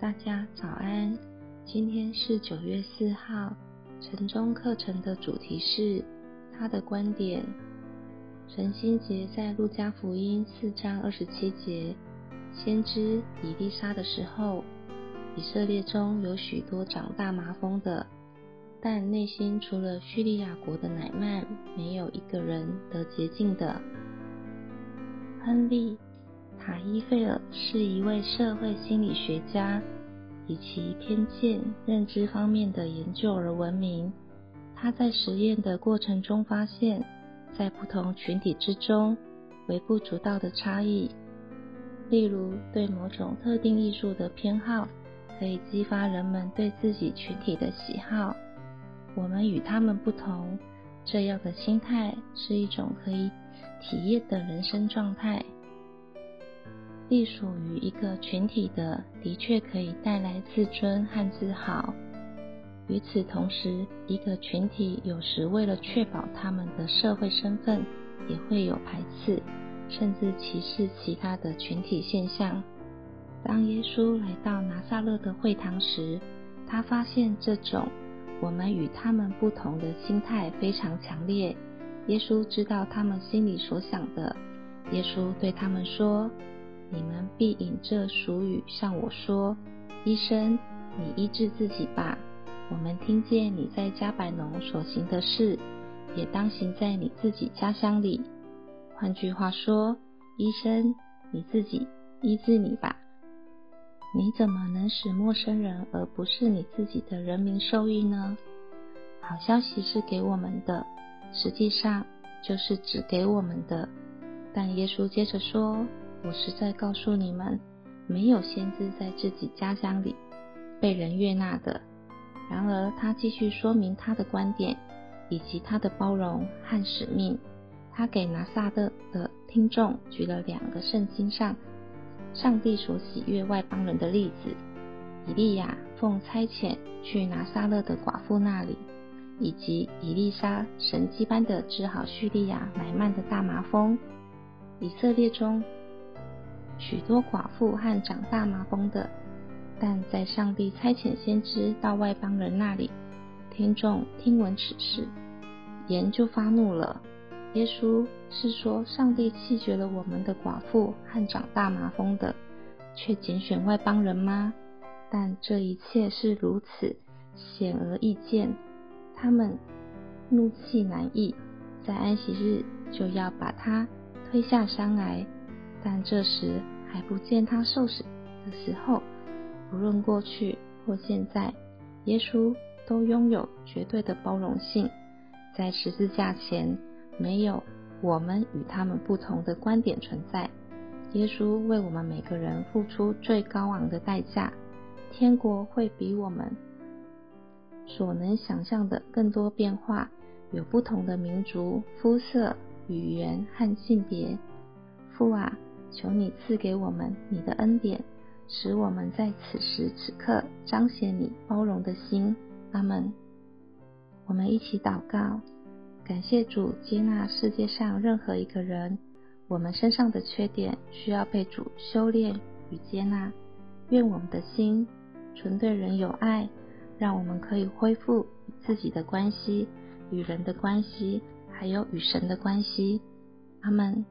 大家早安，今天是九月四號，晨鐘課程的主題是他的觀點。陳新杰在路加福音四章二十七節，先知以利沙的時候，以色列中有許多長大麻風的，但內心除了敘利亞國的乃曼，沒有一個人得潔淨的。亨利。卡伊菲爾是一位社會心理學家，以其偏見、認知方面的研究而聞名。他在實驗的過程中發現，在不同群體之中，微不足道的差異，例如對某種特定藝術的偏好，可以激發人們對自己群體的喜好。我們與他們不同，這樣的心態是一種可以體驗的人生狀態。隸屬於一個群體的，的確可以帶來自尊和自豪。與此同時，一個群體有時為了確保他們的社會身份，也會有排斥，甚至歧視其他的群體現象。當耶穌來到拿撒勒的會堂時，他發現這種我們與他們不同的心態非常強烈。耶穌知道他們心裡所想的，耶穌對他們說：你們必引這俗語向我說：“醫生，你醫治自己吧。我們聽見你在加百農所行的事，也當行在你自己家鄉裡。”換句話說，醫生，你自己醫治你吧。你怎麼能使陌生人而不是你自己的人民受益呢？好消息是給我們的，實際上就是只給我們的。但耶穌接着說。我實在告訴你們，沒有先知在自己家鄉裡被人悅納的。然而，他繼續說明他的觀點以及他的包容和使命。他給拿撒勒的聽眾舉了兩個聖經上上帝所喜悅外邦人的例子：以利亞奉差遣去拿撒勒的寡婦那裡，以及以利沙神蹟般的治好敘利亞乃縵的大麻風。以色列中。許多寡婦和長大麻風的，但在上帝差遣先知到外邦人那裡，聽眾聽聞此事，言就發怒了。耶穌是說，上帝棄絕了我們的寡婦和長大麻風的，卻揀選外邦人嗎？但這一切是如此顯而易見，他們怒氣難抑，在安息日就要把他推下山來。但這時還不見他受死的時候。不論過去或現在，耶穌都擁有絕對的包容性。在十字架前，沒有我們與他們不同的觀點存在。耶穌為我們每個人付出最高昂的代價。天國會比我們所能想象的更多變化，有不同的民族、膚色、語言和性別。父啊。求你賜給我們你的恩典，使我們在此時此刻彰顯你包容的心。阿門。我們一起禱告，感謝主接納世界上任何一個人，我們身上的缺點需要被主修煉與接納。願我們的心純對人有愛，讓我們可以恢復與自己的關係、與人的關係，還有與神的關係。阿門。